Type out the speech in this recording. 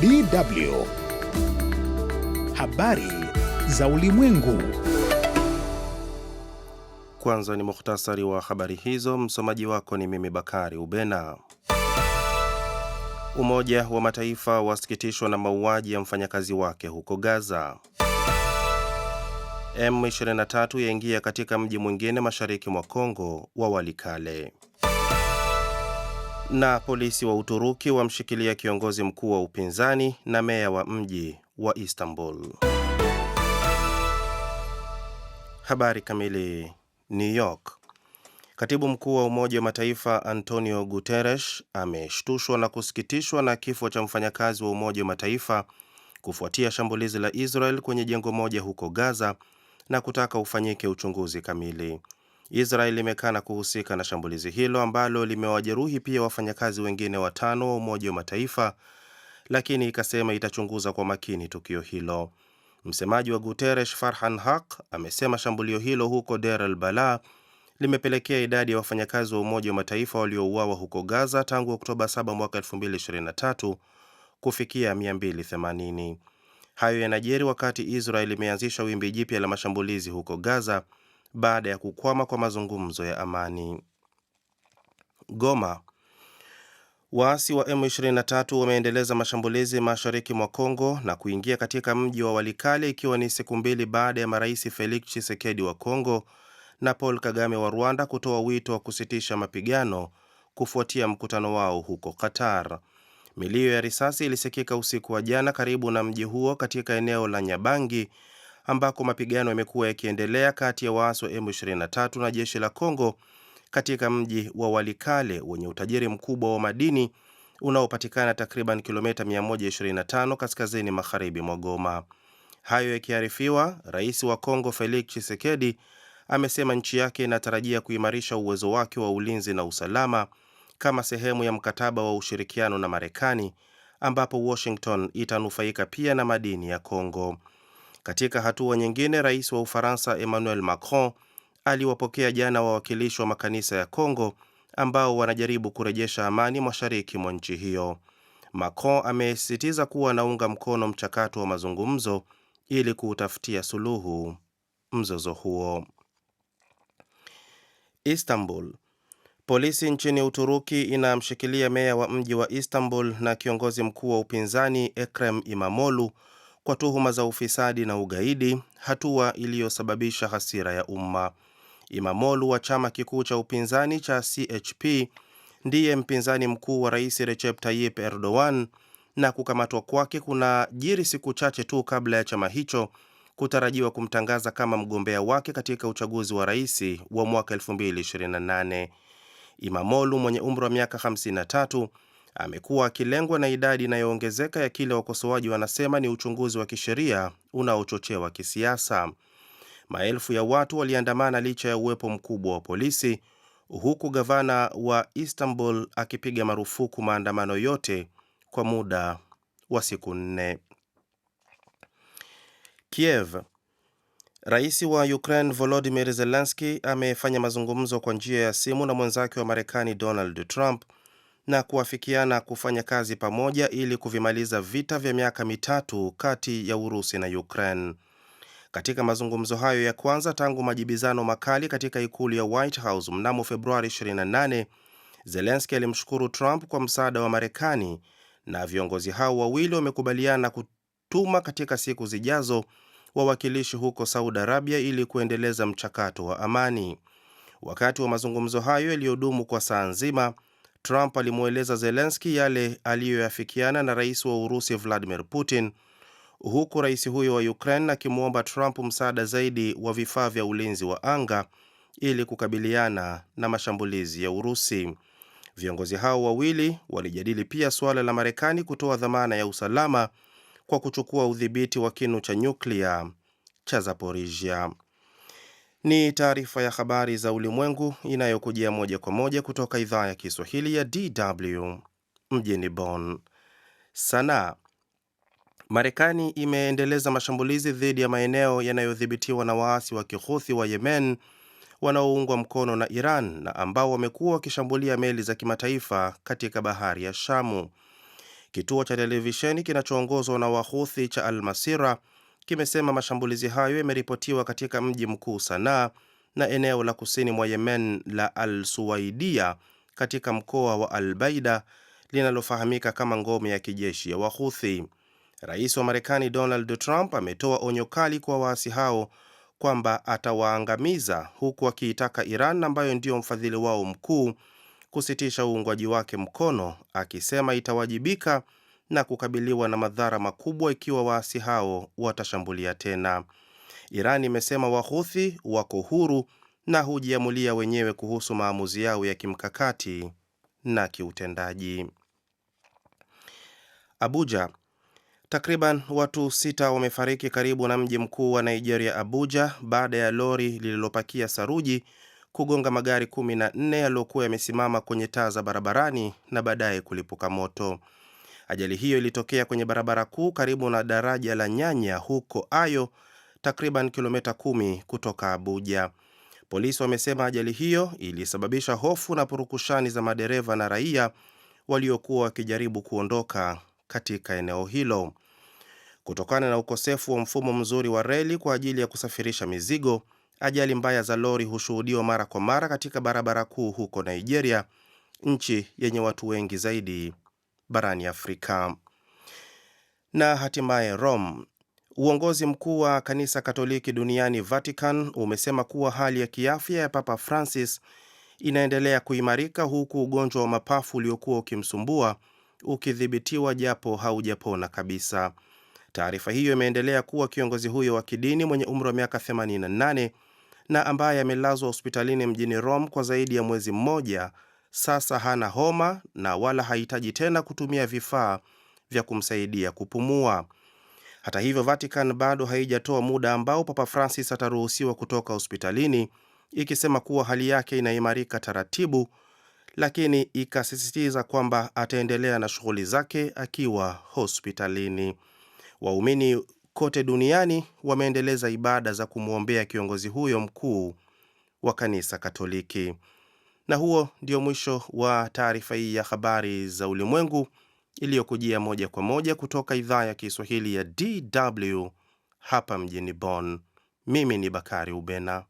DW. Habari za Ulimwengu. Kwanza ni muhtasari wa habari hizo. Msomaji wako ni mimi Bakari Ubena. Umoja wa Mataifa wasikitishwa na mauaji ya mfanyakazi wake huko Gaza. M23 yaingia katika mji mwingine mashariki mwa Kongo wa Walikale. Na polisi wa Uturuki wamshikilia kiongozi mkuu wa upinzani na meya wa mji wa Istanbul. Habari kamili. New York. Katibu mkuu wa Umoja wa Mataifa Antonio Guterres ameshtushwa na kusikitishwa na kifo cha mfanyakazi wa Umoja wa Mataifa kufuatia shambulizi la Israel kwenye jengo moja huko Gaza na kutaka ufanyike uchunguzi kamili. Israel imekana kuhusika na shambulizi hilo ambalo limewajeruhi pia wafanyakazi wengine watano wa Umoja wa Mataifa, lakini ikasema itachunguza kwa makini tukio hilo. Msemaji wa Guterres Farhan Haq amesema shambulio hilo huko Der el Balah limepelekea idadi ya wafanyakazi wa Umoja wa Mataifa waliouawa huko Gaza tangu Oktoba 7 mwaka 2023 kufikia 280. Hayo yanajiri wakati Israel imeanzisha wimbi jipya la mashambulizi huko Gaza baada ya kukwama kwa mazungumzo ya amani. Goma, waasi wa M23 wameendeleza mashambulizi mashariki mwa Kongo na kuingia katika mji wa Walikale ikiwa ni siku mbili baada ya marais Felix Tshisekedi wa Kongo na Paul Kagame wa Rwanda kutoa wito wa kusitisha mapigano kufuatia mkutano wao huko Qatar. Milio ya risasi ilisikika usiku wa jana karibu na mji huo katika eneo la Nyabangi ambako mapigano yamekuwa yakiendelea kati ya waasi wa M23 na jeshi la Kongo katika mji wa Walikale wenye utajiri mkubwa wa madini unaopatikana takriban kilomita 125 kaskazini magharibi mwa Goma. Hayo yakiarifiwa, rais wa Kongo Felix Tshisekedi amesema nchi yake inatarajia kuimarisha uwezo wake wa ulinzi na usalama kama sehemu ya mkataba wa ushirikiano na Marekani ambapo Washington itanufaika pia na madini ya Kongo. Katika hatua nyingine, rais wa Ufaransa Emmanuel Macron aliwapokea jana wawakilishi wa makanisa ya congo ambao wanajaribu kurejesha amani mashariki mwa nchi hiyo. Macron amesisitiza kuwa anaunga mkono mchakato wa mazungumzo ili kuutafutia suluhu mzozo huo. Istanbul. Polisi nchini Uturuki inamshikilia meya wa mji wa Istanbul na kiongozi mkuu wa upinzani Ekrem Imamoglu kwa tuhuma za ufisadi na ugaidi, hatua iliyosababisha hasira ya umma. Imamolu wa chama kikuu cha upinzani cha CHP ndiye mpinzani mkuu wa rais Recep Tayyip Erdogan na kukamatwa kwake kuna jiri siku chache tu kabla ya chama hicho kutarajiwa kumtangaza kama mgombea wake katika uchaguzi wa rais wa mwaka 2028. Imamolu mwenye umri wa miaka 53 amekuwa akilengwa na idadi inayoongezeka ya kile wakosoaji wanasema ni uchunguzi wa kisheria unaochochewa kisiasa. Maelfu ya watu waliandamana licha ya uwepo mkubwa wa polisi, huku gavana wa Istanbul akipiga marufuku maandamano yote kwa muda wa siku nne. Kiev. Rais wa Ukraine Volodymyr Zelensky amefanya mazungumzo kwa njia ya simu na mwenzake wa Marekani Donald Trump na kuafikiana kufanya kazi pamoja ili kuvimaliza vita vya miaka mitatu kati ya Urusi na Ukraine. Katika mazungumzo hayo ya kwanza tangu majibizano makali katika ikulu ya White House mnamo Februari 28, Zelensky alimshukuru Trump kwa msaada wa Marekani na viongozi hao wawili wamekubaliana kutuma katika siku zijazo wawakilishi huko Saudi Arabia ili kuendeleza mchakato wa amani. Wakati wa mazungumzo hayo yaliyodumu kwa saa nzima, Trump alimweleza zelenski yale aliyoyafikiana na rais wa Urusi Vladimir Putin, huku rais huyo wa Ukraine akimwomba Trump msaada zaidi wa vifaa vya ulinzi wa anga ili kukabiliana na mashambulizi ya Urusi. Viongozi hao wawili walijadili pia suala la Marekani kutoa dhamana ya usalama kwa kuchukua udhibiti wa kinu cha nyuklia cha Zaporizhia. Ni taarifa ya habari za ulimwengu inayokujia moja kwa moja kutoka idhaa ya Kiswahili ya DW mjini Bonn. Sanaa. Marekani imeendeleza mashambulizi dhidi ya maeneo yanayodhibitiwa na waasi wa Kihuthi wa Yemen wanaoungwa mkono na Iran na ambao wamekuwa wakishambulia meli za kimataifa katika bahari ya Shamu. Kituo cha televisheni kinachoongozwa na Wahuthi cha Almasira kimesema mashambulizi hayo yameripotiwa katika mji mkuu Sanaa na eneo la kusini mwa Yemen la Al Suwaidia katika mkoa wa Al Baida linalofahamika kama ngome ya kijeshi ya Wahuthi. Rais wa Marekani Donald Trump ametoa onyo kali kwa waasi hao kwamba atawaangamiza, huku akiitaka Iran ambayo ndiyo mfadhili wao mkuu kusitisha uungwaji wake mkono, akisema itawajibika na kukabiliwa na madhara makubwa ikiwa waasi hao watashambulia tena. Iran imesema Wahuthi wako huru na hujiamulia wenyewe kuhusu maamuzi yao ya kimkakati na kiutendaji. Abuja. Takriban watu sita wamefariki karibu na mji mkuu wa Nigeria, Abuja, baada ya lori lililopakia saruji kugonga magari 14 yaliyokuwa yamesimama kwenye taa za barabarani na baadaye kulipuka moto. Ajali hiyo ilitokea kwenye barabara kuu karibu na daraja la Nyanya huko Ayo, takriban kilomita kumi kutoka Abuja. Polisi wamesema ajali hiyo ilisababisha hofu na purukushani za madereva na raia waliokuwa wakijaribu kuondoka katika eneo hilo. Kutokana na ukosefu wa mfumo mzuri wa reli kwa ajili ya kusafirisha mizigo, ajali mbaya za lori hushuhudiwa mara kwa mara katika barabara kuu huko Nigeria, nchi yenye watu wengi zaidi barani Afrika. Na hatimaye Rome. Uongozi mkuu wa kanisa Katoliki duniani Vatican umesema kuwa hali ya kiafya ya Papa Francis inaendelea kuimarika huku ugonjwa wa mapafu uliokuwa ukimsumbua ukidhibitiwa japo haujapona kabisa. Taarifa hiyo imeendelea kuwa kiongozi huyo wa kidini mwenye umri wa miaka 88 na ambaye amelazwa hospitalini mjini Rome kwa zaidi ya mwezi mmoja sasa hana homa na wala hahitaji tena kutumia vifaa vya kumsaidia kupumua. Hata hivyo, Vatican bado haijatoa muda ambao Papa Francis ataruhusiwa kutoka hospitalini, ikisema kuwa hali yake inaimarika taratibu, lakini ikasisitiza kwamba ataendelea na shughuli zake akiwa hospitalini. Waumini kote duniani wameendeleza ibada za kumwombea kiongozi huyo mkuu wa kanisa Katoliki. Na huo ndio mwisho wa taarifa hii ya habari za ulimwengu iliyokujia moja kwa moja kutoka idhaa ya Kiswahili ya DW hapa mjini Bonn. Mimi ni Bakari Ubena.